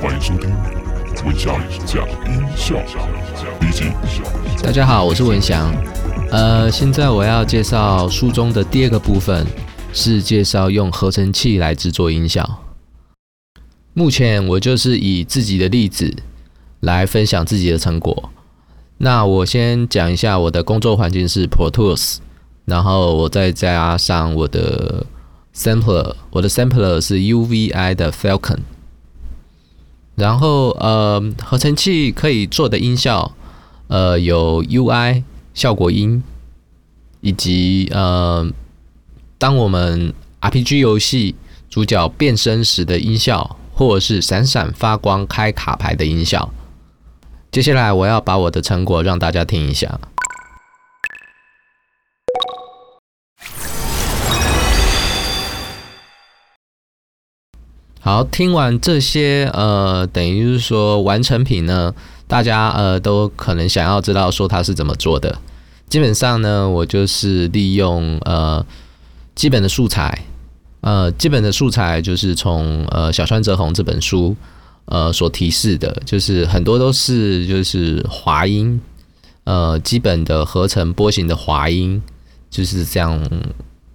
歡迎收聽文祥講音效。大家好，我是文祥。呃，現在我要介紹書中的第二個部分，是介紹用合成器來制作音效。目前我就是以自己的例子來分享自己的成果。那我先講一下我的工作環境是 Pro Tools，然後我再加上我的 Sampler，我的 Sampler 是 U V I 的 Falcon。然後，呃，合成器可以做的音效，呃，有 UI 效果音，以及呃，當我們 RPG 遊戲主角變身時的音效，或者是閃閃發光開卡牌的音效。接下來，我要把我的成果讓大家聽一下。好，聽完這些，呃，等於是說完成品呢，大家呃都可能想要知道說它是怎麼做的。基本上呢，我就是利用呃基本的素材，呃，基本的素材就是從呃小川哲弘這本書呃所提示的，就是很多都是就是滑音，呃，基本的合成波形的滑音，就是這樣，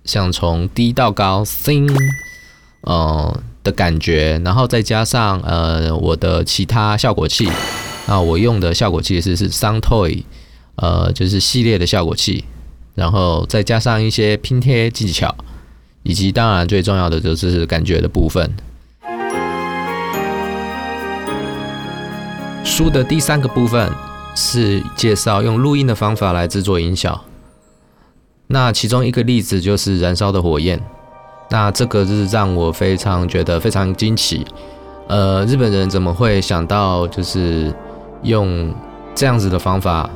像從低到高，sing，呃。的感覺，然後再加上呃我的其他效果器，那我用的效果器其實是，是 SoundToy，呃就是系列的效果器，然後再加上一些拼貼技巧，以及當然最重要的就是感覺的部分。書的第三個部分是介紹用錄音的方法來制作音效，那其中一個例子就是燃燒的火焰。那這個就是讓我非常覺得非常驚奇，呃，日本人怎麼會想到就是用這樣子的方法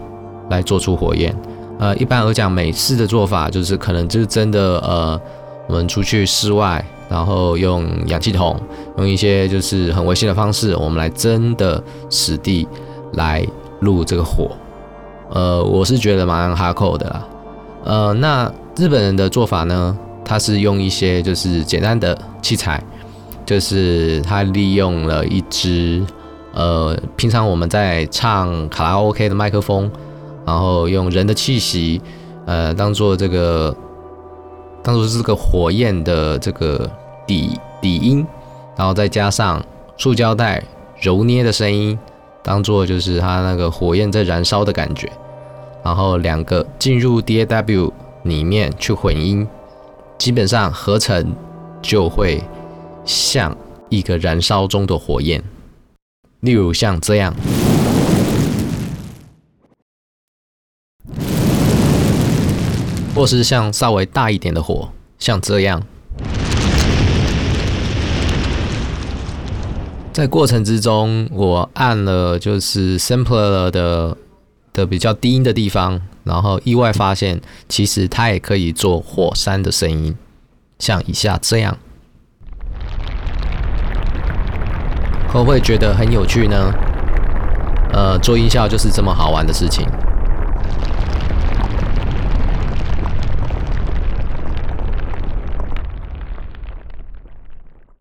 來做出火焰？呃，一般而講，美式的做法就是可能就是真的，呃，我們出去室外，然後用氧氣筒，用一些就是很危險的方式，我們來真的實地來錄這個火。呃，我是覺得蠻哈扣的啦，呃，那日本人的做法呢？他是用一些就是簡單的器材，就是他利用了一支呃平常我們在唱卡拉 OK 的麥克風，然後用人的氣息呃當做這個當做這個火焰的這個底底音，然後再加上塑膠袋揉捏的聲音，當做就是他那個火焰在燃燒的感覺，然後兩個進入 DAW 裡面去混音。基本上合成就會像一個燃燒中的火焰，例如像這樣，或是像稍微大一點的火，像這樣。在過程之中，我按了就是 sampler 的的比較低音的地方，然後意外發現，其實它也可以做火山的聲音，像以下這樣，會不會覺得很有趣呢？呃，做音效就是這麼好玩的事情。